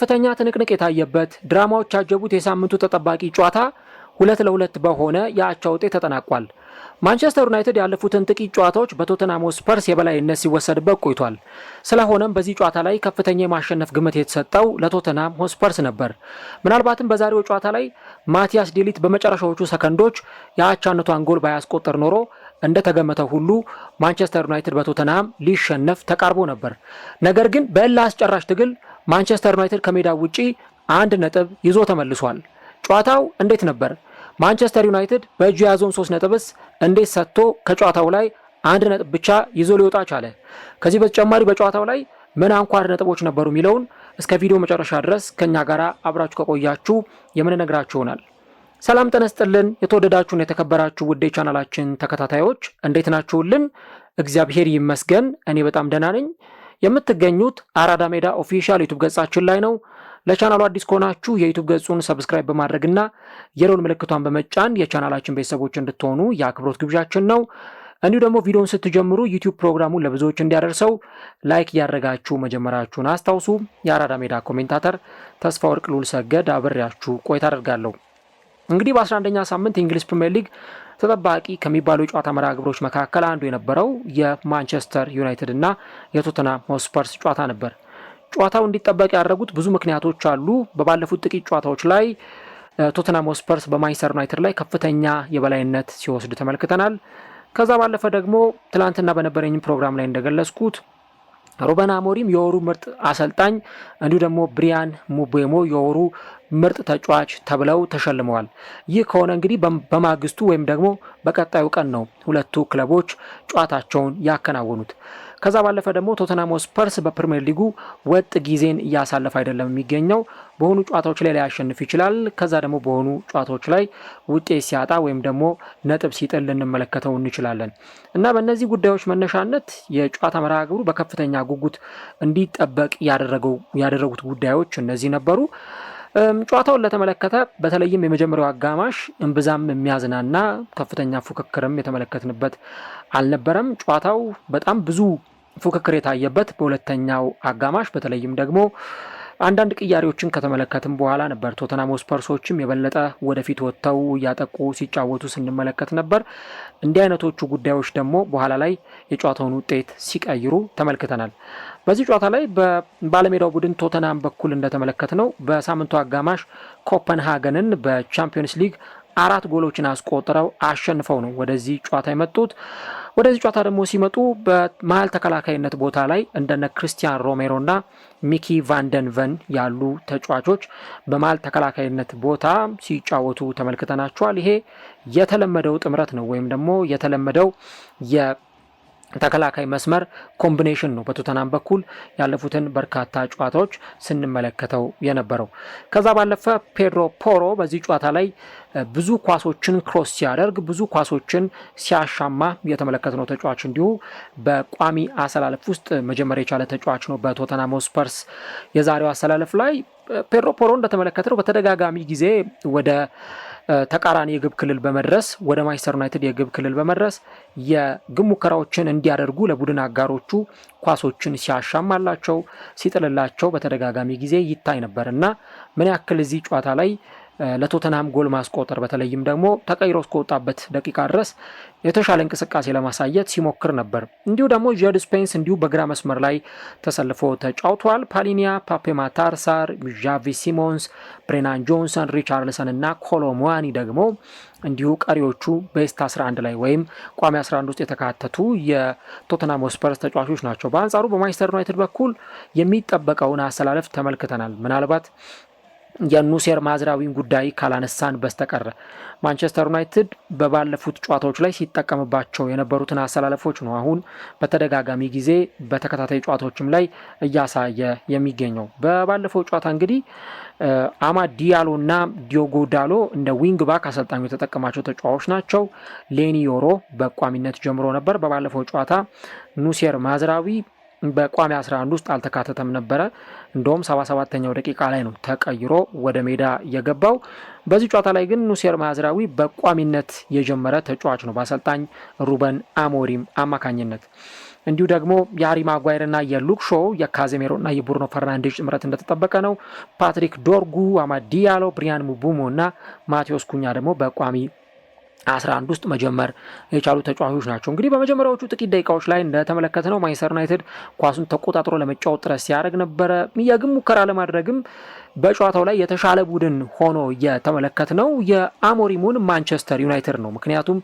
ከፍተኛ ትንቅንቅ የታየበት ድራማዎች ያጀቡት የሳምንቱ ተጠባቂ ጨዋታ ሁለት ለሁለት በሆነ የአቻ ውጤት ተጠናቋል። ማንቸስተር ዩናይትድ ያለፉትን ጥቂት ጨዋታዎች በቶተናም ስፐርስ የበላይነት ሲወሰድበት ቆይቷል። ስለሆነም በዚህ ጨዋታ ላይ ከፍተኛ የማሸነፍ ግምት የተሰጠው ለቶተናም ሆስፐርስ ነበር። ምናልባትም በዛሬው ጨዋታ ላይ ማቲያስ ዴሊት በመጨረሻዎቹ ሰከንዶች የአቻነቷን ጎል ባያስቆጠር ኖሮ እንደተገመተው ሁሉ ማንቸስተር ዩናይትድ በቶተናም ሊሸነፍ ተቃርቦ ነበር። ነገር ግን በእልህ አስጨራሽ ትግል ማንቸስተር ዩናይትድ ከሜዳ ውጪ አንድ ነጥብ ይዞ ተመልሷል። ጨዋታው እንዴት ነበር? ማንቸስተር ዩናይትድ በእጁ የያዘውን ሶስት ነጥብስ እንዴት ሰጥቶ ከጨዋታው ላይ አንድ ነጥብ ብቻ ይዞ ሊወጣ ቻለ? ከዚህ በተጨማሪ በጨዋታው ላይ ምን አንኳር ነጥቦች ነበሩ የሚለውን እስከ ቪዲዮ መጨረሻ ድረስ ከእኛ ጋር አብራችሁ ከቆያችሁ የምንነግራችሁ ይሆናል። ሰላም ጠነስጥልን የተወደዳችሁን የተከበራችሁ ውዴ ቻናላችን ተከታታዮች እንዴት ናችሁልን? እግዚአብሔር ይመስገን እኔ በጣም ደህና ነኝ። የምትገኙት አራዳ ሜዳ ኦፊሻል ዩቱብ ገጻችን ላይ ነው። ለቻናሉ አዲስ ከሆናችሁ የዩቱብ ገጹን ሰብስክራይብ በማድረግና የደወል ምልክቷን በመጫን የቻናላችን ቤተሰቦች እንድትሆኑ የአክብሮት ግብዣችን ነው። እንዲሁ ደግሞ ቪዲዮውን ስትጀምሩ ዩቲዩብ ፕሮግራሙን ለብዙዎች እንዲያደርሰው ላይክ እያደረጋችሁ መጀመራችሁን አስታውሱ። የአራዳ ሜዳ ኮሜንታተር ተስፋ ወርቅ ሉል ሰገድ አብሬያችሁ ቆይታ አደርጋለሁ። እንግዲህ በ11ኛ ሳምንት የእንግሊዝ ፕሪምየር ሊግ ተጠባቂ ከሚባሉ የጨዋታ መርሃ ግብሮች መካከል አንዱ የነበረው የማንቸስተር ዩናይትድ እና የቶተንሃም ሆስፐርስ ጨዋታ ነበር። ጨዋታው እንዲጠበቅ ያደረጉት ብዙ ምክንያቶች አሉ። በባለፉት ጥቂት ጨዋታዎች ላይ ቶተንሃም ሆስፐርስ በማንቸስተር ዩናይትድ ላይ ከፍተኛ የበላይነት ሲወስድ ተመልክተናል። ከዛ ባለፈ ደግሞ ትላንትና በነበረኝ ፕሮግራም ላይ እንደገለጽኩት ሩበን አሞሪም የወሩ ምርጥ አሰልጣኝ እንዲሁ ደግሞ ብሪያን ሙቤሞ የወሩ ምርጥ ተጫዋች ተብለው ተሸልመዋል። ይህ ከሆነ እንግዲህ በማግስቱ ወይም ደግሞ በቀጣዩ ቀን ነው ሁለቱ ክለቦች ጨዋታቸውን ያከናወኑት። ከዛ ባለፈ ደግሞ ቶተናም ስፐርስ በፕሪምየር ሊጉ ወጥ ጊዜን እያሳለፈ አይደለም የሚገኘው። በሆኑ ጨዋታዎች ላይ ሊያሸንፍ ይችላል። ከዛ ደግሞ በሆኑ ጨዋታዎች ላይ ውጤት ሲያጣ ወይም ደግሞ ነጥብ ሲጥል ልንመለከተው እንችላለን እና በእነዚህ ጉዳዮች መነሻነት የጨዋታ መርሃ ግብሩ በከፍተኛ ጉጉት እንዲጠበቅ ያደረጉት ጉዳዮች እነዚህ ነበሩ። ጨዋታውን ለተመለከተ በተለይም የመጀመሪያው አጋማሽ እምብዛም የሚያዝናና ከፍተኛ ፉክክርም የተመለከትንበት አልነበረም። ጨዋታው በጣም ብዙ ፉክክር የታየበት በሁለተኛው አጋማሽ በተለይም ደግሞ አንዳንድ ቅያሬዎችን ከተመለከትም በኋላ ነበር ቶተናም ስፐርሶችም የበለጠ ወደፊት ወጥተው እያጠቁ ሲጫወቱ ስንመለከት ነበር። እንዲህ አይነቶቹ ጉዳዮች ደግሞ በኋላ ላይ የጨዋታውን ውጤት ሲቀይሩ ተመልክተናል። በዚህ ጨዋታ ላይ በባለሜዳው ቡድን ቶተናም በኩል እንደተመለከት ነው በሳምንቱ አጋማሽ ኮፐንሃገንን በቻምፒዮንስ ሊግ አራት ጎሎችን አስቆጥረው አሸንፈው ነው ወደዚህ ጨዋታ የመጡት። ወደዚህ ጨዋታ ደግሞ ሲመጡ በመሀል ተከላካይነት ቦታ ላይ እንደነ ክርስቲያን ሮሜሮ እና ሚኪ ቫንደንቨን ያሉ ተጫዋቾች በመሀል ተከላካይነት ቦታ ሲጫወቱ ተመልክተናቸዋል። ይሄ የተለመደው ጥምረት ነው ወይም ደግሞ የተለመደው ተከላካይ መስመር ኮምቢኔሽን ነው በቶተናም በኩል ያለፉትን በርካታ ጨዋታዎች ስንመለከተው የነበረው። ከዛ ባለፈ ፔድሮ ፖሮ በዚህ ጨዋታ ላይ ብዙ ኳሶችን ክሮስ ሲያደርግ፣ ብዙ ኳሶችን ሲያሻማ ነው ተጫዋች እንዲሁ በቋሚ አሰላለፍ ውስጥ መጀመሪያ የቻለ ተጫዋች ነው በቶተናም ስፐርስ የዛሬው አሰላለፍ ላይ ፔድሮ ፖሮ ነው በተደጋጋሚ ጊዜ ወደ ተቃራኒ የግብ ክልል በመድረስ ወደ ማንቸስተር ዩናይትድ የግብ ክልል በመድረስ የግብ ሙከራዎችን እንዲያደርጉ ለቡድን አጋሮቹ ኳሶችን ሲያሻማላቸው ሲጥልላቸው በተደጋጋሚ ጊዜ ይታይ ነበር እና ምን ያክል እዚህ ጨዋታ ላይ ለቶተንሃም ጎል ማስቆጠር በተለይም ደግሞ ተቀይሮ እስከወጣበት ደቂቃ ድረስ የተሻለ እንቅስቃሴ ለማሳየት ሲሞክር ነበር። እንዲሁ ደግሞ ጀድ ስፔንስ እንዲሁ በግራ መስመር ላይ ተሰልፎ ተጫውቷል። ፓሊኒያ፣ ፓፔማ ታርሳር፣ ዣቪ ሲሞንስ፣ ብሬናን ጆንሰን፣ ሪቻርልሰን እና ኮሎሙዋኒ ደግሞ እንዲሁ ቀሪዎቹ ቤስት 11 ላይ ወይም ቋሚ 11 ውስጥ የተካተቱ የቶተናም ስፐርስ ተጫዋቾች ናቸው። በአንጻሩ በማንቸስተር ዩናይትድ በኩል የሚጠበቀውን አሰላለፍ ተመልክተናል። ምናልባት የኑሴር ማዝራዊን ጉዳይ ካላነሳን በስተቀረ ማንቸስተር ዩናይትድ በባለፉት ጨዋታዎች ላይ ሲጠቀምባቸው የነበሩትን አሰላለፎች ነው አሁን በተደጋጋሚ ጊዜ በተከታታይ ጨዋታዎችም ላይ እያሳየ የሚገኘው። በባለፈው ጨዋታ እንግዲህ አማድ ዲያሎ እና ዲዮጎ ዳሎ እንደ ዊንግ ባክ አሰልጣኙ የተጠቀማቸው ተጫዋቾች ናቸው። ሌኒ ዮሮ በቋሚነት ጀምሮ ነበር። በባለፈው ጨዋታ ኑሴር ማዝራዊ በቋሚ 11 ውስጥ አልተካተተም ነበረ። እንደውም 77ተኛው ደቂቃ ላይ ነው ተቀይሮ ወደ ሜዳ የገባው። በዚህ ጨዋታ ላይ ግን ኑሴር ማዝራዊ በቋሚነት የጀመረ ተጫዋች ነው በአሰልጣኝ ሩበን አሞሪም አማካኝነት። እንዲሁ ደግሞ የሃሪ ማጓይርና የሉክ ሾው የካዜሜሮና የቡርኖ ፈርናንዴዝ ጥምረት እንደተጠበቀ ነው። ፓትሪክ ዶርጉ፣ አማድ ዲያሎ፣ ብሪያን ሙቡሞ እና ማቴዎስ ኩኛ ደግሞ በቋሚ አንድ ውስጥ መጀመር የቻሉ ተጫዋቾች ናቸው። እንግዲህ በመጀመሪያዎቹ ጥቂት ደቂቃዎች ላይ እንደተመለከትነው ማንቸስተር ዩናይትድ ኳሱን ተቆጣጥሮ ለመጫወት ጥረት ሲያደርግ ነበረ። የግብ ሙከራ ለማድረግም በጨዋታው ላይ የተሻለ ቡድን ሆኖ ነው የአሞሪሙን ማንቸስተር ዩናይትድ ነው። ምክንያቱም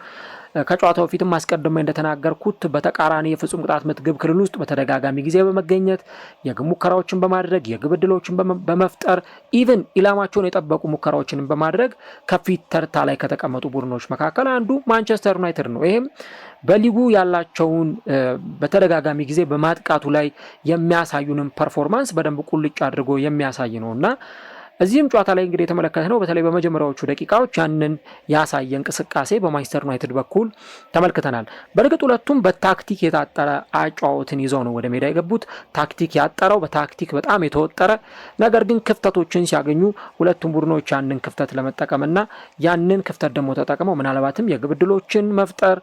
ከጨዋታው ፊትም አስቀድሜ እንደተናገርኩት በተቃራኒ የፍጹም ቅጣት ምት ግብ ክልል ውስጥ በተደጋጋሚ ጊዜ በመገኘት የግብ ሙከራዎችን በማድረግ የግብ እድሎችን በመፍጠር ኢቨን ኢላማቸውን የጠበቁ ሙከራዎችን በማድረግ ከፊት ተርታ ላይ ከተቀመጡ ቡድኖች መካከል አንዱ ማንቸስተር ዩናይትድ ነው። ይህም በሊጉ ያላቸውን በተደጋጋሚ ጊዜ በማጥቃቱ ላይ የሚያሳዩንም ፐርፎርማንስ በደንብ ቁልጭ አድርጎ የሚያሳይ ነው እና እዚህም ጨዋታ ላይ እንግዲህ ነው በተለይ በመጀመሪያዎቹ ደቂቃዎች ያንን ያሳየ እንቅስቃሴ በማንቸስተር ዩናይትድ በኩል ተመልክተናል። በእርግጥ ሁለቱም በታክቲክ የታጠረ አጫዋወትን ይዘው ነው ወደ ሜዳ የገቡት። ታክቲክ ያጠረው በታክቲክ በጣም የተወጠረ ነገር ግን ክፍተቶችን ሲያገኙ ሁለቱም ቡድኖች ያንን ክፍተት ለመጠቀምና ያንን ክፍተት ደግሞ ተጠቅመው ምናልባትም የግብ ዕድሎችን መፍጠር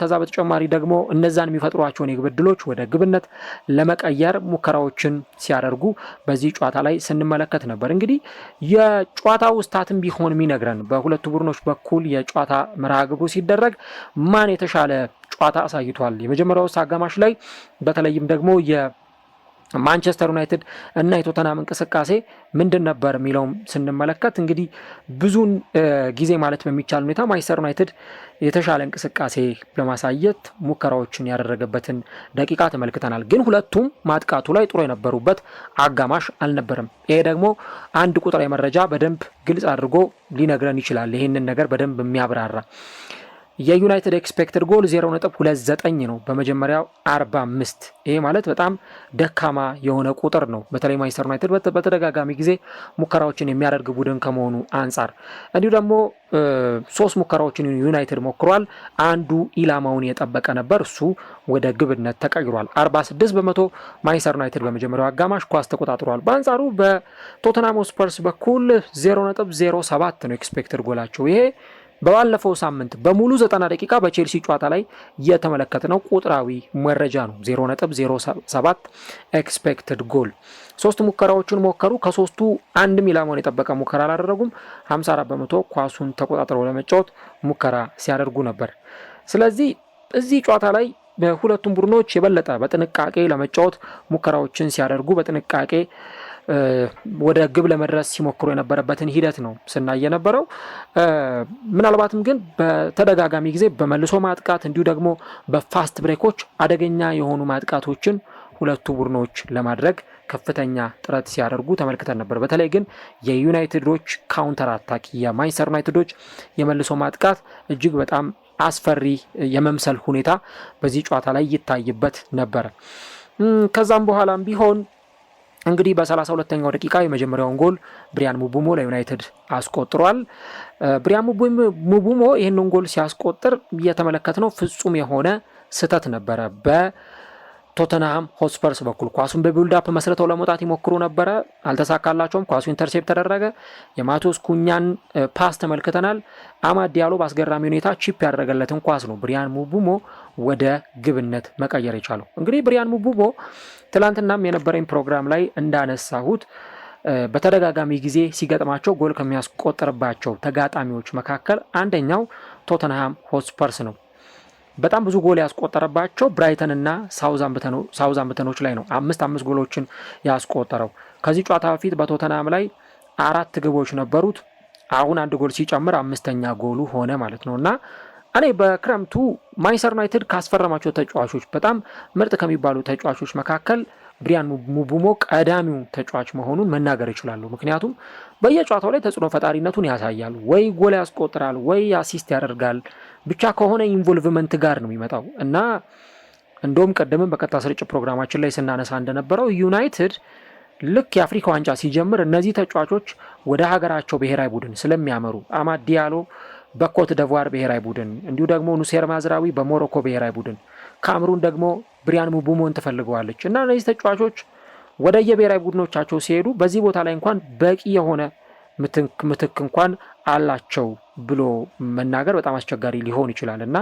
ከዛ በተጨማሪ ደግሞ እነዛን የሚፈጥሯቸውን የግብ ዕድሎች ወደ ግብነት ለመቀየር ሙከራዎችን ሲያደርጉ በዚህ ጨዋታ ላይ ስንመለከት ነበር። እንግዲህ የጨዋታው ስታትም ቢሆን የሚነግረን በሁለቱ ቡድኖች በኩል የጨዋታ መርሃ ግብሩ ሲደረግ ማን የተሻለ ጨዋታ አሳይቷል። የመጀመሪያው አጋማሽ ላይ በተለይም ደግሞ ማንቸስተር ዩናይትድ እና የቶተናም እንቅስቃሴ ምንድን ነበር የሚለውም ስንመለከት እንግዲህ ብዙን ጊዜ ማለት በሚቻል ሁኔታ ማንቸስተር ዩናይትድ የተሻለ እንቅስቃሴ ለማሳየት ሙከራዎችን ያደረገበትን ደቂቃ ተመልክተናል። ግን ሁለቱም ማጥቃቱ ላይ ጥሩ የነበሩበት አጋማሽ አልነበረም። ይሄ ደግሞ አንድ ቁጥር መረጃ በደንብ ግልጽ አድርጎ ሊነግረን ይችላል። ይህንን ነገር በደንብ የሚያብራራ የዩናይትድ ኤክስፔክትድ ጎል 0.29 ነው በመጀመሪያው 45። ይሄ ማለት በጣም ደካማ የሆነ ቁጥር ነው። በተለይ ማንቸስተር ዩናይትድ በተደጋጋሚ ጊዜ ሙከራዎችን የሚያደርግ ቡድን ከመሆኑ አንጻር እንዲሁ ደግሞ ሶስት ሙከራዎችን ዩናይትድ ሞክሯል። አንዱ ኢላማውን የጠበቀ ነበር፣ እሱ ወደ ግብነት ተቀይሯል። 46 በመቶ ማንቸስተር ዩናይትድ በመጀመሪያው አጋማሽ ኳስ ተቆጣጥሯል። በአንጻሩ በቶተናም ስፐርስ በኩል 0.07 ነው ኤክስፔክትድ ጎላቸው ይሄ በባለፈው ሳምንት በሙሉ 90 ደቂቃ በቼልሲ ጨዋታ ላይ የተመለከትነው ቁጥራዊ መረጃ ነው። 0.07 ኤክስፔክትድ ጎል ሶስት ሙከራዎችን ሞከሩ። ከሶስቱ አንድም ኢላማውን የጠበቀ ሙከራ አላደረጉም። 54 በመቶ ኳሱን ተቆጣጥረው ለመጫወት ሙከራ ሲያደርጉ ነበር። ስለዚህ እዚህ ጨዋታ ላይ ሁለቱም ቡድኖች የበለጠ በጥንቃቄ ለመጫወት ሙከራዎችን ሲያደርጉ በጥንቃቄ ወደ ግብ ለመድረስ ሲሞክሩ የነበረበትን ሂደት ነው ስናይ የነበረው። ምናልባትም ግን በተደጋጋሚ ጊዜ በመልሶ ማጥቃት እንዲሁ ደግሞ በፋስት ብሬኮች አደገኛ የሆኑ ማጥቃቶችን ሁለቱ ቡድኖች ለማድረግ ከፍተኛ ጥረት ሲያደርጉ ተመልክተን ነበር። በተለይ ግን የዩናይትዶች ካውንተር አታክ የማንቸስተር ዩናይትዶች የመልሶ ማጥቃት እጅግ በጣም አስፈሪ የመምሰል ሁኔታ በዚህ ጨዋታ ላይ ይታይበት ነበረ። ከዛም በኋላም ቢሆን እንግዲህ በሰላሳ ሁለተኛው ደቂቃ የመጀመሪያውን ጎል ብሪያን ሙቡሞ ለዩናይትድ አስቆጥሯል። ብሪያን ሙቡሞ ይህንን ጎል ሲያስቆጥር እየተመለከትነው ፍጹም የሆነ ስህተት ነበረ። በቶተንሃም ሆትስፐርስ በኩል ኳሱን በቢልዳፕ መስርተው ለመውጣት ይሞክሩ ነበረ፣ አልተሳካላቸውም። ኳሱ ኢንተርሴፕት ተደረገ። የማቴዎስ ኩኛን ፓስ ተመልክተናል። አማድ ዲያሎ በአስገራሚ ሁኔታ ቺፕ ያደረገለትን ኳስ ነው ብሪያን ሙቡሞ ወደ ግብነት መቀየር የቻለው። እንግዲህ ብሪያን ሙቡሞ ትላንትናም የነበረኝ ፕሮግራም ላይ እንዳነሳሁት በተደጋጋሚ ጊዜ ሲገጥማቸው ጎል ከሚያስቆጥርባቸው ተጋጣሚዎች መካከል አንደኛው ቶተንሃም ሆትስፐርስ ነው። በጣም ብዙ ጎል ያስቆጠረባቸው ብራይተንና ሳውዛምብተኖች ላይ ነው። አምስት አምስት ጎሎችን ያስቆጠረው። ከዚህ ጨዋታ በፊት በቶተንሃም ላይ አራት ግቦች ነበሩት። አሁን አንድ ጎል ሲጨምር አምስተኛ ጎሉ ሆነ ማለት ነው እና እኔ በክረምቱ ማንቸስተር ዩናይትድ ካስፈረማቸው ተጫዋቾች በጣም ምርጥ ከሚባሉ ተጫዋቾች መካከል ብሪያን ሙቡሞ ቀዳሚው ተጫዋች መሆኑን መናገር ይችላሉ። ምክንያቱም በየጨዋታው ላይ ተጽዕኖ ፈጣሪነቱን ያሳያል። ወይ ጎል ያስቆጥራል፣ ወይ አሲስት ያደርጋል። ብቻ ከሆነ ኢንቮልቭመንት ጋር ነው የሚመጣው እና እንደውም ቀደምም በቀጥታ ስርጭት ፕሮግራማችን ላይ ስናነሳ እንደነበረው ዩናይትድ ልክ የአፍሪካ ዋንጫ ሲጀምር እነዚህ ተጫዋቾች ወደ ሀገራቸው ብሔራዊ ቡድን ስለሚያመሩ አማድ ዲያሎ በኮት ደቯር ብሔራዊ ቡድን እንዲሁ ደግሞ ኑሴር ማዝራዊ በሞሮኮ ብሔራዊ ቡድን ካምሩን ደግሞ ብሪያን ሙቡሞን ትፈልገዋለች እና እነዚህ ተጫዋቾች ወደ የብሔራዊ ቡድኖቻቸው ሲሄዱ በዚህ ቦታ ላይ እንኳን በቂ የሆነ ምትክ እንኳን አላቸው ብሎ መናገር በጣም አስቸጋሪ ሊሆን ይችላል እና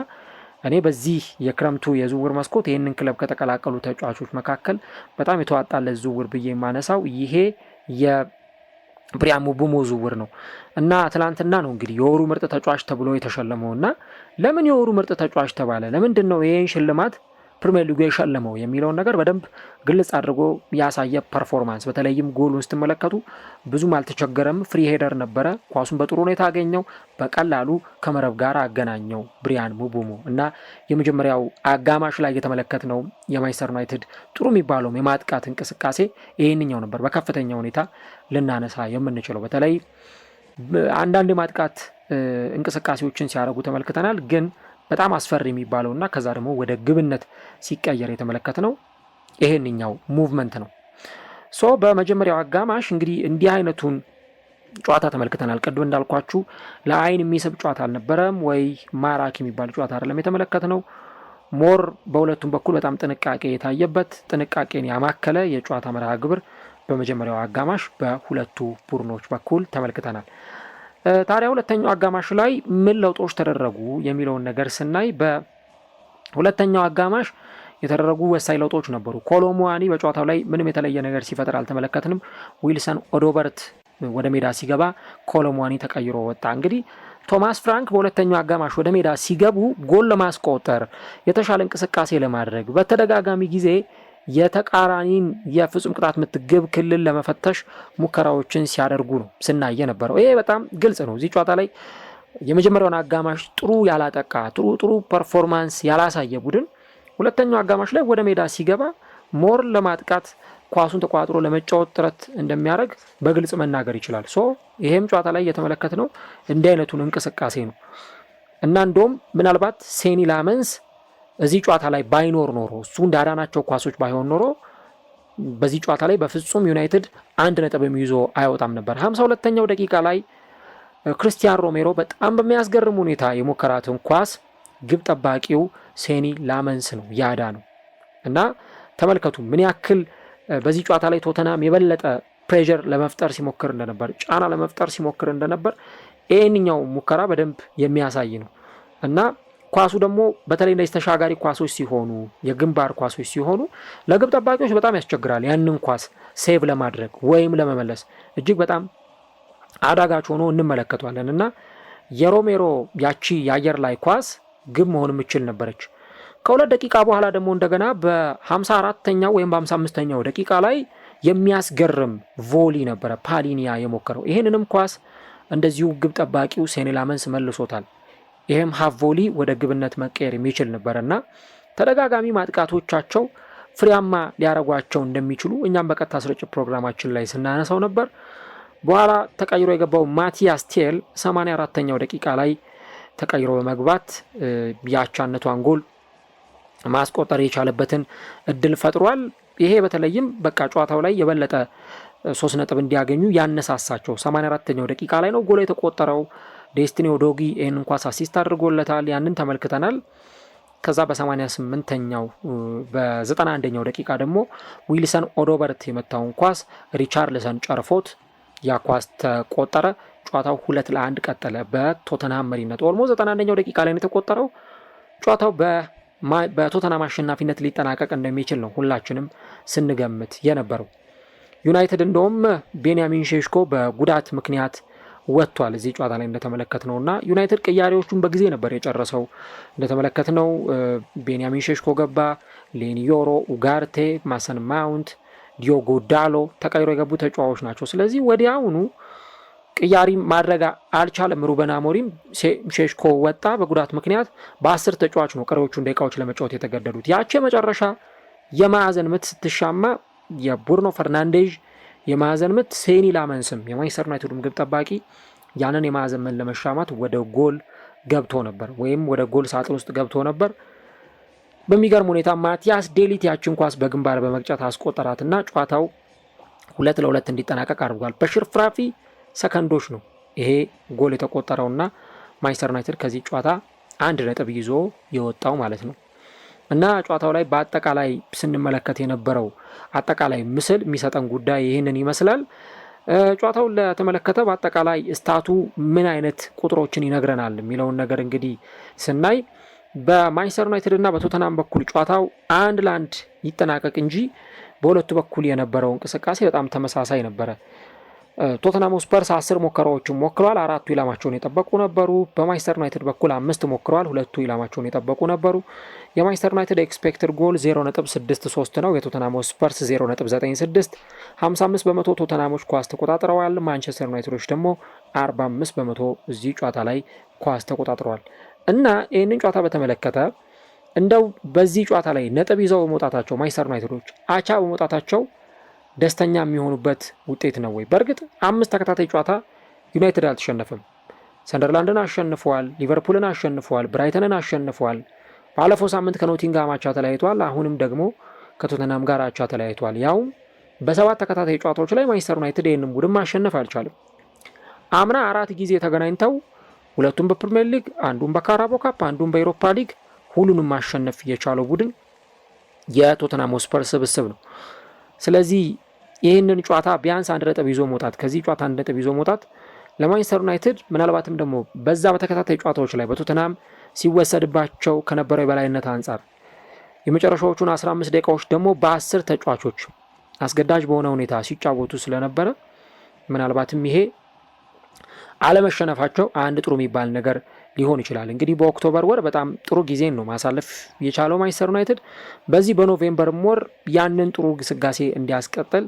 እኔ በዚህ የክረምቱ የዝውውር መስኮት ይህንን ክለብ ከተቀላቀሉ ተጫዋቾች መካከል በጣም የተዋጣለት ዝውውር ብዬ የማነሳው ይሄ ብሪያን ምቡሞ ዝውውር ነው እና ትላንትና ነው እንግዲህ የወሩ ምርጥ ተጫዋች ተብሎ የተሸለመው እና ለምን የወሩ ምርጥ ተጫዋች ተባለ? ለምንድን ነው ይህን ሽልማት ፕሪምየር ሊጉ የሸለመው የሚለውን ነገር በደንብ ግልጽ አድርጎ ያሳየ ፐርፎርማንስ፣ በተለይም ጎሉን ስትመለከቱ ብዙም አልተቸገረም። ፍሪ ሄደር ነበረ። ኳሱን በጥሩ ሁኔታ አገኘው፣ በቀላሉ ከመረብ ጋር አገናኘው ብሪያን ሙቡሙ እና የመጀመሪያው አጋማሽ ላይ ነው የማይስተር ዩናይትድ ጥሩ የሚባለውም የማጥቃት እንቅስቃሴ ይህንኛው ነበር። በከፍተኛ ሁኔታ ልናነሳ የምንችለው በተለይ አንዳንድ የማጥቃት እንቅስቃሴዎችን ሲያደርጉ ተመልክተናል ግን በጣም አስፈሪ የሚባለው እና ከዛ ደግሞ ወደ ግብነት ሲቀየር የተመለከት ነው ይሄንኛው ሙቭመንት ነው። ሶ በመጀመሪያው አጋማሽ እንግዲህ እንዲህ አይነቱን ጨዋታ ተመልክተናል። ቅድም እንዳልኳችሁ ለአይን የሚስብ ጨዋታ አልነበረም ወይ ማራኪ የሚባል ጨዋታ አይደለም የተመለከት ነው። ሞር በሁለቱም በኩል በጣም ጥንቃቄ የታየበት ጥንቃቄን ያማከለ የጨዋታ መርሃ ግብር በመጀመሪያው አጋማሽ በሁለቱ ቡድኖች በኩል ተመልክተናል። ታዲያ ሁለተኛው አጋማሽ ላይ ምን ለውጦች ተደረጉ የሚለውን ነገር ስናይ በሁለተኛው አጋማሽ የተደረጉ ወሳኝ ለውጦች ነበሩ። ኮሎሙዋኒ በጨዋታው ላይ ምንም የተለየ ነገር ሲፈጠር አልተመለከትንም። ዊልሰን ኦዶበርት ወደ ሜዳ ሲገባ ኮሎሙዋኒ ተቀይሮ ወጣ። እንግዲህ ቶማስ ፍራንክ በሁለተኛው አጋማሽ ወደ ሜዳ ሲገቡ ጎል ለማስቆጠር የተሻለ እንቅስቃሴ ለማድረግ በተደጋጋሚ ጊዜ የተቃራኒን የፍጹም ቅጣት ምት ግብ ክልል ለመፈተሽ ሙከራዎችን ሲያደርጉ ነው ስናየ ነበረው። ይሄ በጣም ግልጽ ነው። እዚህ ጨዋታ ላይ የመጀመሪያውን አጋማሽ ጥሩ ያላጠቃ ጥሩ ጥሩ ፐርፎርማንስ ያላሳየ ቡድን ሁለተኛው አጋማሽ ላይ ወደ ሜዳ ሲገባ ሞር ለማጥቃት ኳሱን ተቋጥሮ ለመጫወት ጥረት እንደሚያደርግ በግልጽ መናገር ይችላል። ሶ ይሄም ጨዋታ ላይ እየተመለከት ነው እንዲህ አይነቱን እንቅስቃሴ ነው እና እንደውም ምናልባት ሴኒ ላመንስ እዚህ ጨዋታ ላይ ባይኖር ኖሮ እሱ እንዳዳናቸው ኳሶች ባይሆን ኖሮ በዚህ ጨዋታ ላይ በፍጹም ዩናይትድ አንድ ነጥብ ይዞ አይወጣም ነበር። ሀምሳ ሁለተኛው ደቂቃ ላይ ክርስቲያን ሮሜሮ በጣም በሚያስገርም ሁኔታ የሞከራትን ኳስ ግብ ጠባቂው ሴኒ ላመንስ ነው ያዳ ነው እና ተመልከቱ ምን ያክል በዚህ ጨዋታ ላይ ቶተናም የበለጠ ፕሬዠር ለመፍጠር ሲሞክር እንደነበር፣ ጫና ለመፍጠር ሲሞክር እንደነበር ይህንኛው ሙከራ በደንብ የሚያሳይ ነው እና ኳሱ ደግሞ በተለይ እንደዚህ ተሻጋሪ ኳሶች ሲሆኑ የግንባር ኳሶች ሲሆኑ ለግብ ጠባቂዎች በጣም ያስቸግራል። ያንን ኳስ ሴቭ ለማድረግ ወይም ለመመለስ እጅግ በጣም አዳጋች ሆኖ እንመለከቷለን እና የሮሜሮ ያቺ የአየር ላይ ኳስ ግብ መሆን የምችል ነበረች። ከሁለት ደቂቃ በኋላ ደግሞ እንደገና በ54ተኛው ወይም በ55ተኛው ደቂቃ ላይ የሚያስገርም ቮሊ ነበረ ፓሊኒያ የሞከረው። ይህንንም ኳስ እንደዚሁ ግብ ጠባቂው ሴኔላመንስ መልሶታል። ይህም ሀቮሊ ወደ ግብነት መቀየር የሚችል ነበርና ተደጋጋሚ ማጥቃቶቻቸው ፍሬያማ ሊያደረጓቸው እንደሚችሉ እኛም በቀጥታ ስርጭት ፕሮግራማችን ላይ ስናነሳው ነበር። በኋላ ተቀይሮ የገባው ማቲያስ ቴል 84ተኛው ደቂቃ ላይ ተቀይሮ በመግባት የአቻነቷን ጎል ማስቆጠር የቻለበትን እድል ፈጥሯል። ይሄ በተለይም በቃ ጨዋታው ላይ የበለጠ ሶስት ነጥብ እንዲያገኙ ያነሳሳቸው 84ተኛው ደቂቃ ላይ ነው ጎሎ የተቆጠረው። ዴስቲኒ ኦዶጊ ይህን ኳስ አሲስት አድርጎለታል። ያንን ተመልክተናል። ከዛ በ88ኛው በ91ኛው ደቂቃ ደግሞ ዊልሰን ኦዶበርት የመታውን ኳስ ሪቻርልሰን ጨርፎት ያ ኳስ ተቆጠረ። ጨዋታው ሁለት ለአንድ ቀጠለ በቶተና መሪነት። ኦልሞ 91ኛው ደቂቃ ላይ ነው የተቆጠረው። ጨዋታው በቶተና አሸናፊነት ሊጠናቀቅ እንደሚችል ነው ሁላችንም ስንገምት የነበረው። ዩናይትድ እንደውም ቤንያሚን ሼሽኮ በጉዳት ምክንያት ወጥቷል እዚህ ጨዋታ ላይ እንደተመለከት ነው እና ዩናይትድ ቅያሬዎቹን በጊዜ ነበር የጨረሰው። እንደተመለከት ነው ቤንያሚን ሼሽኮ ገባ፣ ሌኒዮሮ፣ ኡጋርቴ፣ ማሰን ማውንት፣ ዲዮጎ ዳሎ ተቀይሮ የገቡ ተጫዋቾች ናቸው። ስለዚህ ወዲያውኑ ቅያሪ ማድረግ አልቻለም። ሩበን አሞሪም ሸሽኮ ወጣ በጉዳት ምክንያት በአስር ተጫዋች ነው ቀሪዎቹን ደቂቃዎች ለመጫወት የተገደዱት። ያቺ የመጨረሻ የማዕዘን ምት ስትሻማ የቡርኖ ፈርናንዴዥ የማዕዘን ምት ሴኒ ላመንስም የማንቸስተር ዩናይትዱም ግብ ጠባቂ ያንን የማዕዘን ምን ለመሻማት ወደ ጎል ገብቶ ነበር ወይም ወደ ጎል ሳጥን ውስጥ ገብቶ ነበር። በሚገርም ሁኔታ ማቲያስ ዴሊት ያችን ኳስ በግንባር በመቅጨት አስቆጠራትና ጨዋታው ሁለት ለሁለት እንዲጠናቀቅ አድርጓል። በሽርፍራፊ ሰከንዶች ነው ይሄ ጎል የተቆጠረውና ማንቸስተር ዩናይትድ ከዚህ ጨዋታ አንድ ነጥብ ይዞ የወጣው ማለት ነው። እና ጨዋታው ላይ በአጠቃላይ ስንመለከት የነበረው አጠቃላይ ምስል የሚሰጠን ጉዳይ ይህንን ይመስላል። ጨዋታውን ለተመለከተ በአጠቃላይ ስታቱ ምን አይነት ቁጥሮችን ይነግረናል የሚለውን ነገር እንግዲህ ስናይ በማንቸስተር ዩናይትድ እና በቶተናም በኩል ጨዋታው አንድ ለአንድ ይጠናቀቅ እንጂ በሁለቱ በኩል የነበረው እንቅስቃሴ በጣም ተመሳሳይ ነበረ። ቶተናም ስፐርስ አስር ሙከራዎችን ሞክረዋል። አራቱ ኢላማቸውን የጠበቁ ነበሩ። በማንቸስተር ዩናይትድ በኩል አምስት ሞክሯል። ሁለቱ ኢላማቸውን የጠበቁ ነበሩ። የማንቸስተር ዩናይትድ ኤክስፔክትድ ጎል 0.63 ነው። የቶተናም ስፐርስ 0.96። 55 በመቶ ቶተናሞች ኳስ ተቆጣጥረዋል። ማንቸስተር ዩናይትዶች ደግሞ 45 በመቶ እዚህ ጨዋታ ላይ ኳስ ተቆጣጥረዋል እና ይህንን ጨዋታ በተመለከተ እንደው በዚህ ጨዋታ ላይ ነጥብ ይዘው በመውጣታቸው ማንቸስተር ዩናይትዶች አቻ በመውጣታቸው ደስተኛ የሚሆኑበት ውጤት ነው ወይ? በእርግጥ አምስት ተከታታይ ጨዋታ ዩናይትድ አልተሸነፈም። ሰንደርላንድን አሸንፈዋል፣ ሊቨርፑልን አሸንፈዋል፣ ብራይተንን አሸንፈዋል። ባለፈው ሳምንት ከኖቲንግሃም አቻ ተለያይተዋል። አሁንም ደግሞ ከቶተናም ጋር አቻ ተለያይተዋል። ያውም በሰባት ተከታታይ ጨዋታዎች ላይ ማንቸስተር ዩናይትድ ይህንም ቡድን ማሸነፍ አልቻለም። አምና አራት ጊዜ ተገናኝተው ሁለቱም በፕሪምየር ሊግ፣ አንዱም በካራቦ ካፕ፣ አንዱም በኤሮፓ ሊግ ሁሉንም ማሸነፍ የቻለው ቡድን የቶተናም ስፐር ስብስብ ነው። ስለዚህ ይህንን ጨዋታ ቢያንስ አንድ ነጥብ ይዞ መውጣት ከዚህ ጨዋታ አንድ ነጥብ ይዞ መውጣት ለማንቸስተር ዩናይትድ ምናልባትም ደግሞ በዛ በተከታታይ ጨዋታዎች ላይ በቶተናም ሲወሰድባቸው ከነበረው የበላይነት አንጻር የመጨረሻዎቹን 15 ደቂቃዎች ደግሞ በአስር ተጫዋቾች አስገዳጅ በሆነ ሁኔታ ሲጫወቱ ስለነበረ ምናልባትም ይሄ አለመሸነፋቸው አንድ ጥሩ የሚባል ነገር ሊሆን ይችላል። እንግዲህ በኦክቶበር ወር በጣም ጥሩ ጊዜን ነው ማሳለፍ የቻለው ማንችስተር ዩናይትድ በዚህ በኖቬምበር ወር ያንን ጥሩ ግስጋሴ እንዲያስቀጥል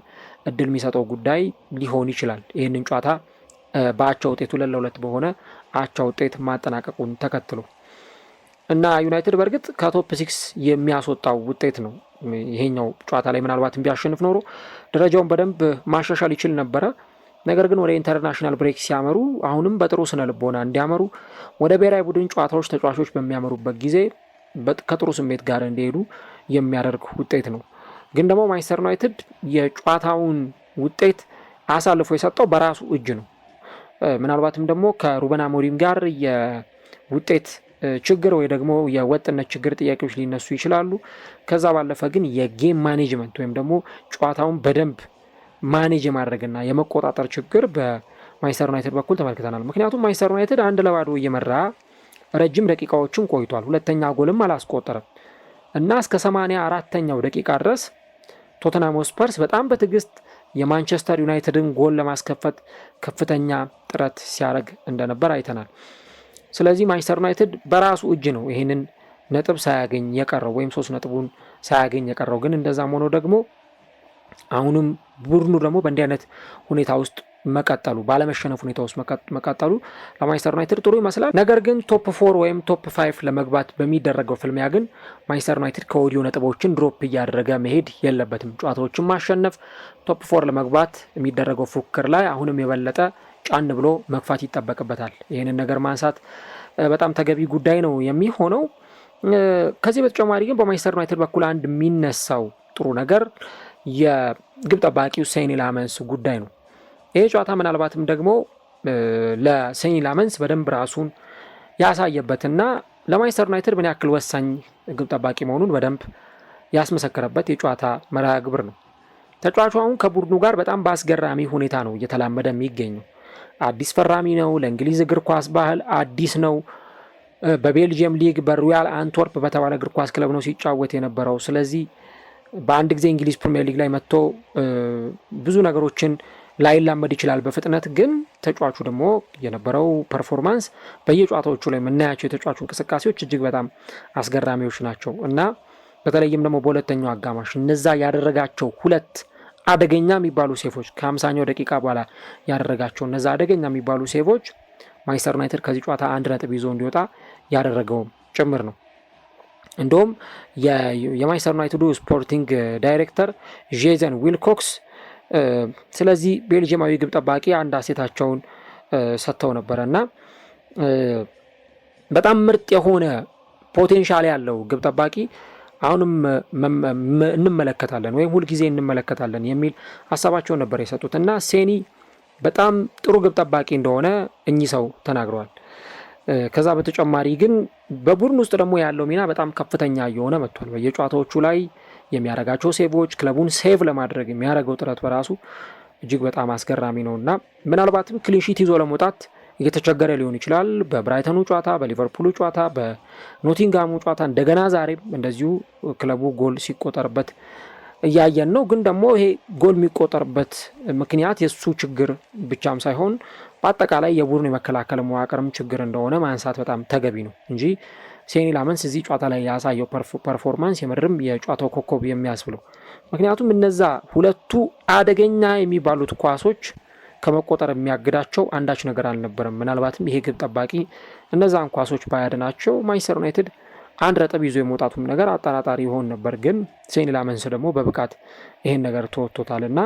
እድል የሚሰጠው ጉዳይ ሊሆን ይችላል። ይህንን ጨዋታ በአቻ ውጤት ሁለት ለሁለት በሆነ አቻ ውጤት ማጠናቀቁን ተከትሎ እና ዩናይትድ በእርግጥ ከቶፕ ሲክስ የሚያስወጣው ውጤት ነው። ይሄኛው ጨዋታ ላይ ምናልባት ቢያሸንፍ ኖሮ ደረጃውን በደንብ ማሻሻል ይችል ነበረ። ነገር ግን ወደ ኢንተርናሽናል ብሬክ ሲያመሩ አሁንም በጥሩ ስነ ልቦና እንዲያመሩ ወደ ብሔራዊ ቡድን ጨዋታዎች ተጫዋቾች በሚያመሩበት ጊዜ ከጥሩ ስሜት ጋር እንዲሄዱ የሚያደርግ ውጤት ነው። ግን ደግሞ ማንቸስተር ዩናይትድ የጨዋታውን ውጤት አሳልፎ የሰጠው በራሱ እጅ ነው። ምናልባትም ደግሞ ከሩበን አሞሪም ጋር የውጤት ችግር ወይ ደግሞ የወጥነት ችግር ጥያቄዎች ሊነሱ ይችላሉ። ከዛ ባለፈ ግን የጌም ማኔጅመንት ወይም ደግሞ ጨዋታውን በደንብ ማኔጅ የማድረግና የመቆጣጠር ችግር በማንቸስተር ዩናይትድ በኩል ተመልክተናል። ምክንያቱም ማንቸስተር ዩናይትድ አንድ ለባዶ እየመራ ረጅም ደቂቃዎችን ቆይቷል። ሁለተኛ ጎልም አላስቆጠረም እና እስከ ሰማንያ አራተኛው ደቂቃ ድረስ ቶተናም ስፐርስ በጣም በትዕግስት የማንቸስተር ዩናይትድን ጎል ለማስከፈት ከፍተኛ ጥረት ሲያደርግ እንደነበር አይተናል። ስለዚህ ማንቸስተር ዩናይትድ በራሱ እጅ ነው ይህንን ነጥብ ሳያገኝ የቀረው ወይም ሶስት ነጥቡን ሳያገኝ የቀረው። ግን እንደዛም ሆኖ ደግሞ አሁንም ቡድኑ ደግሞ በእንዲህ አይነት ሁኔታ ውስጥ መቀጠሉ ባለመሸነፍ ሁኔታ ውስጥ መቀጠሉ ለማንቸስተር ዩናይትድ ጥሩ ይመስላል። ነገር ግን ቶፕ ፎር ወይም ቶፕ ፋይቭ ለመግባት በሚደረገው ፍልሚያ ግን ማንቸስተር ዩናይትድ ከወዲሁ ነጥቦችን ድሮፕ እያደረገ መሄድ የለበትም። ጨዋታዎችን ማሸነፍ፣ ቶፕ ፎር ለመግባት የሚደረገው ፉክክር ላይ አሁንም የበለጠ ጫን ብሎ መግፋት ይጠበቅበታል። ይህንን ነገር ማንሳት በጣም ተገቢ ጉዳይ ነው የሚሆነው። ከዚህ በተጨማሪ ግን በማንቸስተር ዩናይትድ በኩል አንድ የሚነሳው ጥሩ ነገር የግብ ጠባቂው ሴኒ ላመንስ ጉዳይ ነው። ይሄ ጨዋታ ምናልባትም ደግሞ ለሴኒ ላመንስ በደንብ ራሱን ያሳየበትና ለማንቸስተር ዩናይትድ ምን ያክል ወሳኝ ግብ ጠባቂ መሆኑን በደንብ ያስመሰከረበት የጨዋታ መርሃ ግብር ነው። ተጫዋቹ አሁን ከቡድኑ ጋር በጣም በአስገራሚ ሁኔታ ነው እየተላመደ የሚገኘው። አዲስ ፈራሚ ነው። ለእንግሊዝ እግር ኳስ ባህል አዲስ ነው። በቤልጅየም ሊግ በሮያል አንትወርፕ በተባለ እግር ኳስ ክለብ ነው ሲጫወት የነበረው። ስለዚህ በአንድ ጊዜ እንግሊዝ ፕሪሚየር ሊግ ላይ መጥቶ ብዙ ነገሮችን ላይላመድ ይችላል በፍጥነት ግን ተጫዋቹ ደግሞ የነበረው ፐርፎርማንስ በየጨዋታዎቹ ላይ የምናያቸው የተጫዋቹ እንቅስቃሴዎች እጅግ በጣም አስገራሚዎች ናቸው እና በተለይም ደግሞ በሁለተኛው አጋማሽ እነዛ ያደረጋቸው ሁለት አደገኛ የሚባሉ ሴፎች ከሀምሳኛው ደቂቃ በኋላ ያደረጋቸው እነዛ አደገኛ የሚባሉ ሴፎች ማንቸስተር ዩናይትድ ከዚህ ጨዋታ አንድ ነጥብ ይዞ እንዲወጣ ያደረገውም ጭምር ነው። እንዲሁም የማንቸስተር ዩናይትዱ ስፖርቲንግ ዳይሬክተር ጄዘን ዊልኮክስ ስለዚህ ቤልጅማዊ ግብ ጠባቂ አንድ አሴታቸውን ሰጥተው ነበረ እና በጣም ምርጥ የሆነ ፖቴንሻል ያለው ግብ ጠባቂ አሁንም እንመለከታለን ወይም ሁልጊዜ እንመለከታለን የሚል ሀሳባቸውን ነበር የሰጡት እና ሴኒ በጣም ጥሩ ግብ ጠባቂ እንደሆነ እኚህ ሰው ተናግረዋል። ከዛ በተጨማሪ ግን በቡድን ውስጥ ደግሞ ያለው ሚና በጣም ከፍተኛ እየሆነ መጥቷል። በየጨዋታዎቹ ላይ የሚያደርጋቸው ሴቮች፣ ክለቡን ሴቭ ለማድረግ የሚያደርገው ጥረት በራሱ እጅግ በጣም አስገራሚ ነው እና ምናልባትም ክሊንሺት ይዞ ለመውጣት እየተቸገረ ሊሆን ይችላል። በብራይተኑ ጨዋታ፣ በሊቨርፑሉ ጨዋታ፣ በኖቲንጋሙ ጨዋታ እንደገና ዛሬም እንደዚሁ ክለቡ ጎል ሲቆጠርበት እያየን ነው። ግን ደግሞ ይሄ ጎል የሚቆጠርበት ምክንያት የእሱ ችግር ብቻም ሳይሆን በአጠቃላይ የቡድን የመከላከል መዋቅርም ችግር እንደሆነ ማንሳት በጣም ተገቢ ነው እንጂ ሴኒ ላመንስ እዚህ ጨዋታ ላይ ያሳየው ፐርፎርማንስ የምድርም የጨዋታው ኮከብ የሚያስብለው ምክንያቱም እነዛ ሁለቱ አደገኛ የሚባሉት ኳሶች ከመቆጠር የሚያግዳቸው አንዳች ነገር አልነበረም። ምናልባትም ይሄ ግብ ጠባቂ እነዛን ኳሶች ባያድናቸው ማንቸስተር ዩናይትድ አንድ ረጥብ ይዞ የመውጣቱም ነገር አጠራጣሪ ይሆን ነበር። ግን ሴኒ ላመንስ ደግሞ በብቃት ይሄን ነገር ተወጥቶታል እና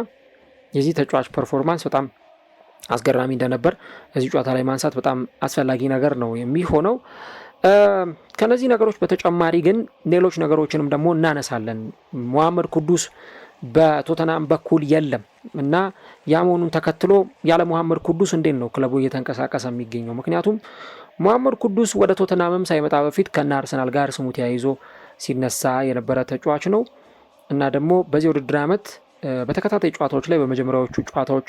የዚህ ተጫዋች ፐርፎርማንስ በጣም አስገራሚ እንደነበር እዚህ ጨዋታ ላይ ማንሳት በጣም አስፈላጊ ነገር ነው የሚሆነው። ከነዚህ ነገሮች በተጨማሪ ግን ሌሎች ነገሮችንም ደግሞ እናነሳለን። መሐመድ ኩዱስ በቶተናም በኩል የለም እና ያ መሆኑን ተከትሎ ያለ መሀመድ ኩዱስ እንዴት ነው ክለቡ እየተንቀሳቀሰ የሚገኘው? ምክንያቱም ሙሐመድ ኩዱስ ወደ ቶተናምም ሳይመጣ በፊት ከነ አርሰናል ጋር ስሙ ተያይዞ ሲነሳ የነበረ ተጫዋች ነው እና ደግሞ በዚህ ውድድር ዓመት በተከታታይ ጨዋታዎች ላይ በመጀመሪያዎቹ ጨዋታዎች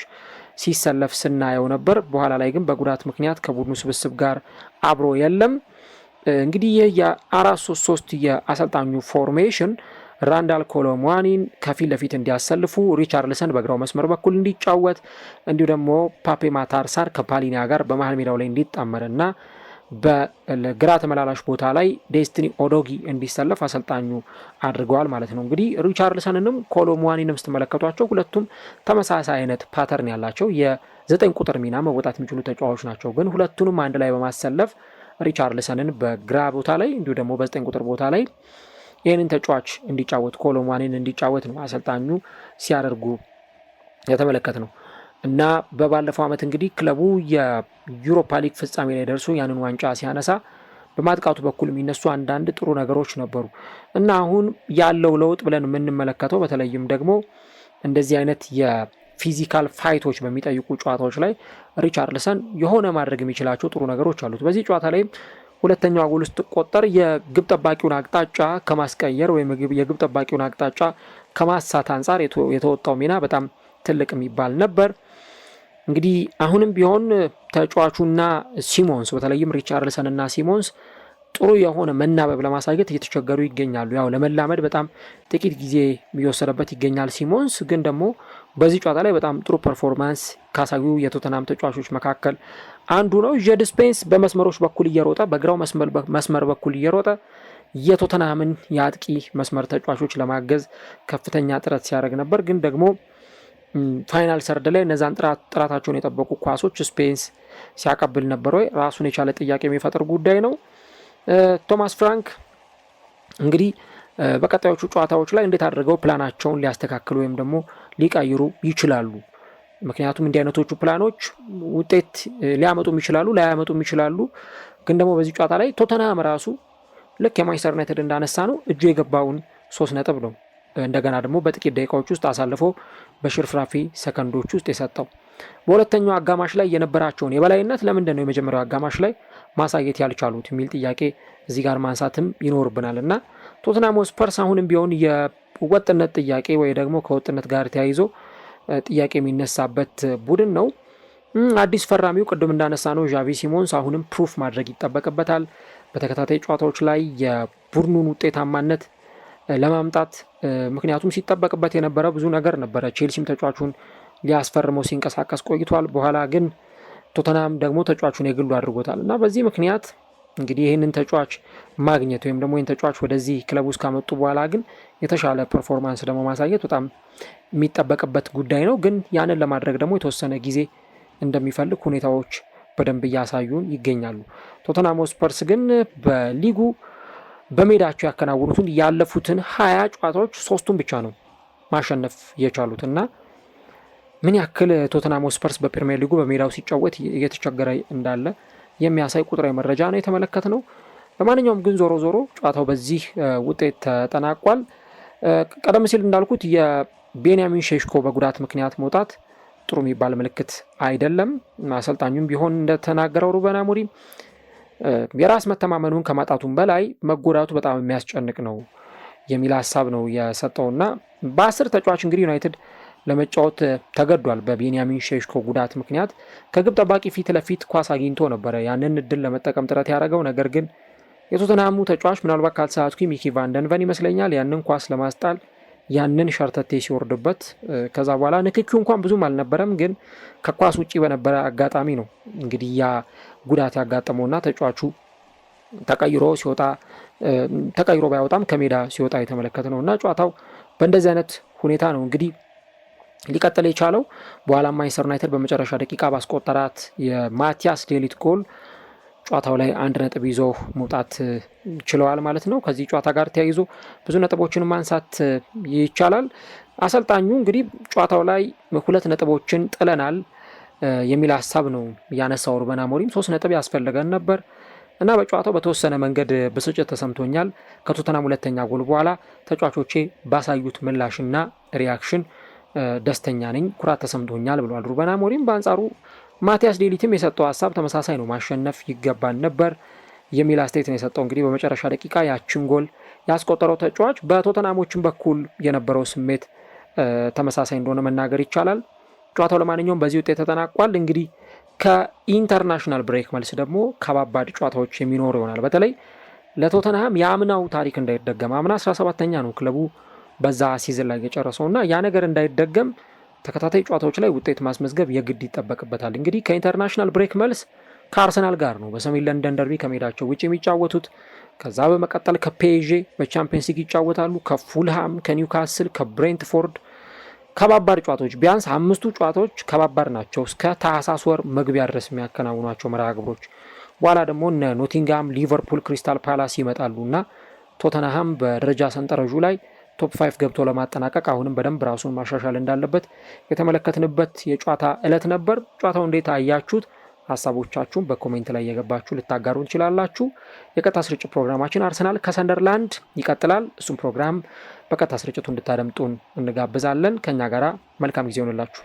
ሲሰለፍ ስናየው ነበር። በኋላ ላይ ግን በጉዳት ምክንያት ከቡድኑ ስብስብ ጋር አብሮ የለም። እንግዲህ ይህ የአራት ሶስት ሶስት የአሰልጣኙ ፎርሜሽን ራንዳል ኮሎሙዋኒን ከፊት ለፊት እንዲያሰልፉ፣ ሪቻርልሰን በግራው መስመር በኩል እንዲጫወት፣ እንዲሁ ደግሞ ፓፔ ማታርሳር ከፓሊኒያ ጋር በመሀል ሜዳው ላይ እንዲጣመርና በግራ ተመላላሽ ቦታ ላይ ዴስቲኒ ኦዶጊ እንዲሰለፍ አሰልጣኙ አድርገዋል ማለት ነው። እንግዲህ ሪቻርልሰንንም ኮሎሙዋኒንም ስትመለከቷቸው ሁለቱም ተመሳሳይ አይነት ፓተርን ያላቸው የዘጠኝ ቁጥር ሚና መወጣት የሚችሉ ተጫዋቾች ናቸው። ግን ሁለቱንም አንድ ላይ በማሰለፍ ሪቻርልሰንን በግራ ቦታ ላይ እንዲሁ ደግሞ በዘጠኝ ቁጥር ቦታ ላይ ይህንን ተጫዋች እንዲጫወት ኮሎሙዋኒን እንዲጫወት ነው አሰልጣኙ ሲያደርጉ የተመለከት ነው። እና በባለፈው ዓመት እንግዲህ ክለቡ የዩሮፓ ሊግ ፍጻሜ ላይ ደርሶ ያንን ዋንጫ ሲያነሳ በማጥቃቱ በኩል የሚነሱ አንዳንድ ጥሩ ነገሮች ነበሩ እና አሁን ያለው ለውጥ ብለን የምንመለከተው በተለይም ደግሞ እንደዚህ አይነት የፊዚካል ፋይቶች በሚጠይቁ ጨዋታዎች ላይ ሪቻርልሰን የሆነ ማድረግ የሚችላቸው ጥሩ ነገሮች አሉት። በዚህ ጨዋታ ላይም ሁለተኛዋ ውስጥ ስትቆጠር የግብ ጠባቂውን አቅጣጫ ከማስቀየር ወይም የግብ ጠባቂውን አቅጣጫ ከማሳት አንጻር የተወጣው ሚና በጣም ትልቅ የሚባል ነበር። እንግዲህ አሁንም ቢሆን ተጫዋቹና ሲሞንስ በተለይም ሪቻርልሰን እና ሲሞንስ ጥሩ የሆነ መናበብ ለማሳየት እየተቸገሩ ይገኛሉ። ያው ለመላመድ በጣም ጥቂት ጊዜ የሚወሰደበት ይገኛል። ሲሞንስ ግን ደግሞ በዚህ ጨዋታ ላይ በጣም ጥሩ ፐርፎርማንስ ካሳዩ የቶተናም ተጫዋቾች መካከል አንዱ ነው። ጄድ ስፔንስ በመስመሮች በኩል እየሮጠ በግራው መስመር በኩል እየሮጠ የቶተናምን የአጥቂ መስመር ተጫዋቾች ለማገዝ ከፍተኛ ጥረት ሲያደርግ ነበር ግን ደግሞ ፋይናል ሰርድ ላይ እነዛን ጥራታቸውን የጠበቁ ኳሶች ስፔንስ ሲያቀብል ነበር ወይ? ራሱን የቻለ ጥያቄ የሚፈጥር ጉዳይ ነው። ቶማስ ፍራንክ እንግዲህ በቀጣዮቹ ጨዋታዎች ላይ እንዴት አድርገው ፕላናቸውን ሊያስተካክሉ ወይም ደግሞ ሊቀይሩ ይችላሉ? ምክንያቱም እንዲህ አይነቶቹ ፕላኖች ውጤት ሊያመጡም ይችላሉ፣ ላያመጡም ይችላሉ። ግን ደግሞ በዚህ ጨዋታ ላይ ቶተንሃም ራሱ ልክ የማንቸስተር ዩናይትድ እንዳነሳ ነው እጁ የገባውን ሶስት ነጥብ ነው እንደገና ደግሞ በጥቂት ደቂቃዎች ውስጥ አሳልፎ በሽርፍራፊ ሰከንዶች ውስጥ የሰጠው። በሁለተኛው አጋማሽ ላይ የነበራቸውን የበላይነት ለምንድን ነው የመጀመሪያው አጋማሽ ላይ ማሳየት ያልቻሉት የሚል ጥያቄ እዚህ ጋር ማንሳትም ይኖርብናል እና ቶትናም ስፐርስ አሁንም ቢሆን የወጥነት ጥያቄ ወይ ደግሞ ከወጥነት ጋር ተያይዞ ጥያቄ የሚነሳበት ቡድን ነው። አዲስ ፈራሚው ቅድም እንዳነሳ ነው ዣቪ ሲሞንስ አሁንም ፕሩፍ ማድረግ ይጠበቅበታል። በተከታታይ ጨዋታዎች ላይ የቡድኑን ውጤታማነት ለማምጣት ምክንያቱም ሲጠበቅበት የነበረ ብዙ ነገር ነበረ። ቼልሲም ተጫዋቹን ሊያስፈርመው ሲንቀሳቀስ ቆይቷል። በኋላ ግን ቶተናም ደግሞ ተጫዋቹን የግሉ አድርጎታል እና በዚህ ምክንያት እንግዲህ ይህንን ተጫዋች ማግኘት ወይም ደግሞ ይህን ተጫዋች ወደዚህ ክለብ ውስጥ ካመጡ በኋላ ግን የተሻለ ፐርፎርማንስ ደግሞ ማሳየት በጣም የሚጠበቅበት ጉዳይ ነው። ግን ያንን ለማድረግ ደግሞ የተወሰነ ጊዜ እንደሚፈልግ ሁኔታዎች በደንብ እያሳዩን ይገኛሉ። ቶተናም ስፐርስ ግን በሊጉ በሜዳቸው ያከናወኑትን ያለፉትን ሀያ ጨዋታዎች ሶስቱን ብቻ ነው ማሸነፍ የቻሉት እና ምን ያክል ቶተናም ስፐርስ በፕሪሚየር ሊጉ በሜዳው ሲጫወት እየተቸገረ እንዳለ የሚያሳይ ቁጥራዊ መረጃ ነው የተመለከት ነው። ለማንኛውም ግን ዞሮ ዞሮ ጨዋታው በዚህ ውጤት ተጠናቋል። ቀደም ሲል እንዳልኩት የቤንያሚን ሼሽኮ በጉዳት ምክንያት መውጣት ጥሩ የሚባል ምልክት አይደለም። አሰልጣኙም ቢሆን እንደተናገረው ሩበን አሞሪም የራስ መተማመኑን ከማጣቱም በላይ መጎዳቱ በጣም የሚያስጨንቅ ነው የሚል ሀሳብ ነው የሰጠውና በአስር ተጫዋች እንግዲህ ዩናይትድ ለመጫወት ተገዷል። በቤንያሚን ሼሽኮ ጉዳት ምክንያት ከግብ ጠባቂ ፊት ለፊት ኳስ አግኝቶ ነበረ ያንን እድል ለመጠቀም ጥረት ያደረገው። ነገር ግን የቶተናሙ ተጫዋች ምናልባት ካልሳትኩ ሚኪ ቫንደንቨን ይመስለኛል ያንን ኳስ ለማስጣል ያንን ሸርተቴ ሲወርድበት ከዛ በኋላ ንክኪው እንኳን ብዙም አልነበረም፣ ግን ከኳስ ውጭ በነበረ አጋጣሚ ነው እንግዲህ ያ ጉዳት ያጋጠመውና ተጫዋቹ ተቀይሮ ሲወጣ ተቀይሮ ባይወጣም ከሜዳ ሲወጣ የተመለከተ ነው እና ጨዋታው በእንደዚህ አይነት ሁኔታ ነው እንግዲህ ሊቀጥል የቻለው። በኋላ ማንችስተር ዩናይትድ በመጨረሻ ደቂቃ ባስቆጠራት የማቲያስ ዴሊት ጎል ጨዋታው ላይ አንድ ነጥብ ይዞ መውጣት ችለዋል ማለት ነው። ከዚህ ጨዋታ ጋር ተያይዞ ብዙ ነጥቦችን ማንሳት ይቻላል። አሰልጣኙ እንግዲህ ጨዋታው ላይ ሁለት ነጥቦችን ጥለናል የሚል ሀሳብ ነው ያነሳው። ሩበን አሞሪም ሶስት ነጥብ ያስፈልገን ነበር እና በጨዋታው በተወሰነ መንገድ ብስጭት ተሰምቶኛል። ከቶተናም ሁለተኛ ጎል በኋላ ተጫዋቾቼ ባሳዩት ምላሽና ሪያክሽን ደስተኛ ነኝ፣ ኩራት ተሰምቶኛል ብለዋል ሩበን አሞሪም በአንጻሩ ማቲያስ ዴሊትም የሰጠው ሀሳብ ተመሳሳይ ነው። ማሸነፍ ይገባን ነበር የሚል አስተያየት ነው የሰጠው። እንግዲህ በመጨረሻ ደቂቃ ያችን ጎል ያስቆጠረው ተጫዋች በቶተናሞችን በኩል የነበረው ስሜት ተመሳሳይ እንደሆነ መናገር ይቻላል። ጨዋታው ለማንኛውም በዚህ ውጤት ተጠናቋል። እንግዲህ ከኢንተርናሽናል ብሬክ መልስ ደግሞ ከባባድ ጨዋታዎች የሚኖሩ ይሆናል። በተለይ ለቶተንሃም የአምናው ታሪክ እንዳይደገም አምና 17ተኛ ነው ክለቡ በዛ ሲዝን ላይ የጨረሰውና ያ ነገር እንዳይደገም ተከታታይ ጨዋታዎች ላይ ውጤት ማስመዝገብ የግድ ይጠበቅበታል። እንግዲህ ከኢንተርናሽናል ብሬክ መልስ ከአርሰናል ጋር ነው በሰሜን ለንደን ደርቢ ከሜዳቸው ውጭ የሚጫወቱት። ከዛ በመቀጠል ከፔዤ በቻምፒየንስ ሊግ ይጫወታሉ። ከፉልሃም፣ ከኒውካስል፣ ከብሬንትፎርድ ከባባድ ጨዋታዎች ቢያንስ አምስቱ ጨዋታዎች ከባባድ ናቸው። እስከ ታህሳስ ወር መግቢያ ድረስ የሚያከናውኗቸው መርሃ ግብሮች በኋላ ደግሞ እነ ኖቲንግሃም፣ ሊቨርፑል፣ ክሪስታል ፓላስ ይመጣሉ እና ቶተንሃም በደረጃ ሰንጠረዡ ላይ ቶፕ ፋይቭ ገብቶ ለማጠናቀቅ አሁንም በደንብ ራሱን ማሻሻል እንዳለበት የተመለከትንበት የጨዋታ እለት ነበር። ጨዋታው እንዴት አያችሁት? ሀሳቦቻችሁን በኮሜንት ላይ እየገባችሁ ልታጋሩ እንችላላችሁ። የቀጥታ ስርጭት ፕሮግራማችን አርሰናል ከሰንደርላንድ ይቀጥላል። እሱም ፕሮግራም በቀጥታ ስርጭቱ እንድታደምጡን እንጋብዛለን። ከእኛ ጋራ መልካም ጊዜ ይሆንላችሁ።